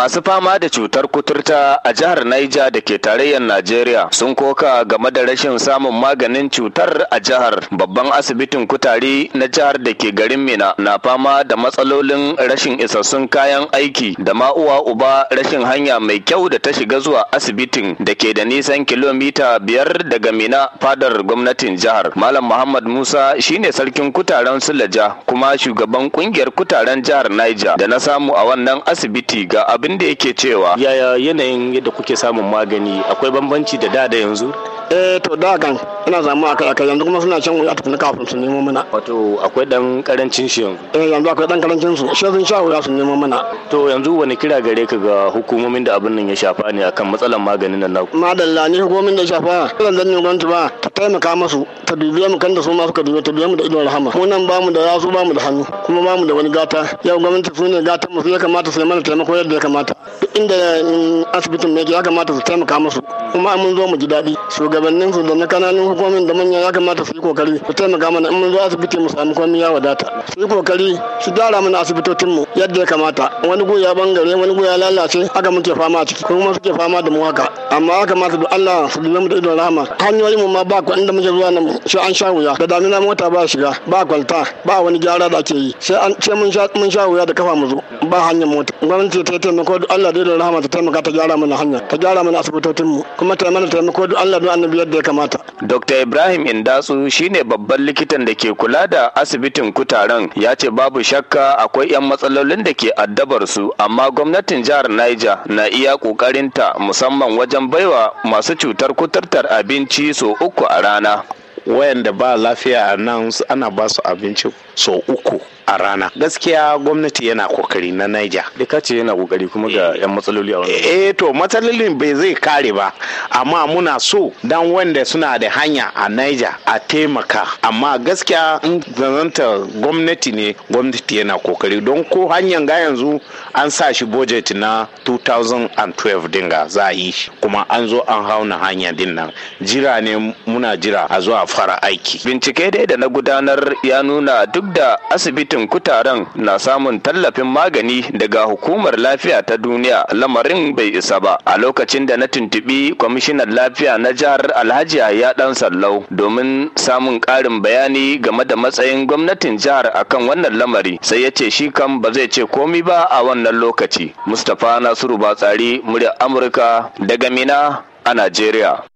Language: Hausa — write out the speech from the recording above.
Masu fama da cutar kuturta a jihar Niger da ke tarayyar Najeriya sun koka game da rashin samun maganin cutar a jihar. Babban asibitin kutari na jihar da ke garin Mina na fama da matsalolin rashin isassun kayan aiki da ma uwa uba rashin hanya mai kyau da ta shiga zuwa asibitin da ke da nisan kilomita biyar daga Mina fadar gwamnatin jihar. Malam Muhammad Musa shine sarkin kutaren Sulaja kuma shugaban kungiyar kutaren jihar Niger da na samu a wannan asibiti ga abin abin da yake cewa yaya yanayin yadda kuke samun magani akwai bambanci da da da yanzu eh to da kan ina zama akai akai yanzu kuma suna can wuya tukuna kafin su nemo mana wato akwai dan karancin shi yanzu eh yanzu akwai dan karancin su shi sun sha wuya su nemo mana to yanzu wani kira gare ka ga hukumomin da abin nan ya shafa ne akan matsalan maganin nan naku madalla ni hukumomin da shafa zan zan gwamnati ba taimaka masu ta dubiya mu kan da su ma suka dubiya ta dubiya mu da idon rahama mu nan bamu da yasu bamu da hannu kuma bamu da wani gata yau gwamnati su ne gata mu ya kamata su yi mana taimako yadda ya kamata duk inda mm, asibitin yake ya kamata su taimaka masu kuma mun zo mu ji daɗi shugabannin su da na kananun hukumomin da manya ya kamata su yi kokari su taimaka mana in mun zo asibiti mu samu komai ya wadata su yi kokari su gyara mana asibitocin mu yadda ya kamata wani ya bangare wani ya lalace haka muke fama a ciki kuma suke fama da mu haka amma ya kamata da Allah su dubiya mu da idon rahama hanyoyin mu ma ba ko da muke zuwa nan sai an sha wuya da damina mota ba shiga ba kwalta ba wani gyara da ake yi sai an ce mun sha mun sha wuya da kafa mu zo ba hanyar mota gwamnati ta taimako duk Allah dai da rahama ta taimaka ta gyara mana hanya ta gyara mana asibitocin mu kuma ta mana taimako duk Allah duk annabi yadda ya kamata Dr Ibrahim Indasu shine babban likitan da ke kula da asibitin kutaren ya ce babu shakka akwai 'yan matsalolin da ke addabar su amma gwamnatin jihar Niger na iya kokarinta musamman wajen baiwa masu cutar kuturtar abinci so uku a rana wayanda ba lafiya a nan ana ba su abinci sau uku a rana gaskiya gwamnati yana kokari na naija. da eh, kace yana kokari kuma ga eh. yan matsaloli a wani. Eh, eh to matsalolin bai zai kare ba amma muna so dan wanda suna da hanya a naija a taimaka amma gaskiya in zanzanta gwamnati ne gwamnati yana kokari don ko hanyar ga yanzu an sa shi budget na 2012 dinga za a yi kuma an zo an hauna hanya din nan jira ne muna jira a zuwa fara aiki bincike dai da na gudanar ya nuna duk da asibitin Gwamnatin kutaren na samun tallafin magani daga hukumar lafiya ta duniya lamarin bai isa ba. A lokacin da na tuntubi kwamishinan lafiya na jihar Alhaji ya ɗan sallau domin samun karin bayani game da matsayin gwamnatin jihar akan wannan lamari sai ya ce shi kam ba zai ce komi ba a wannan lokaci. Mustapha Nasiru Batsari, muryar Amurka daga Mina a Najeriya.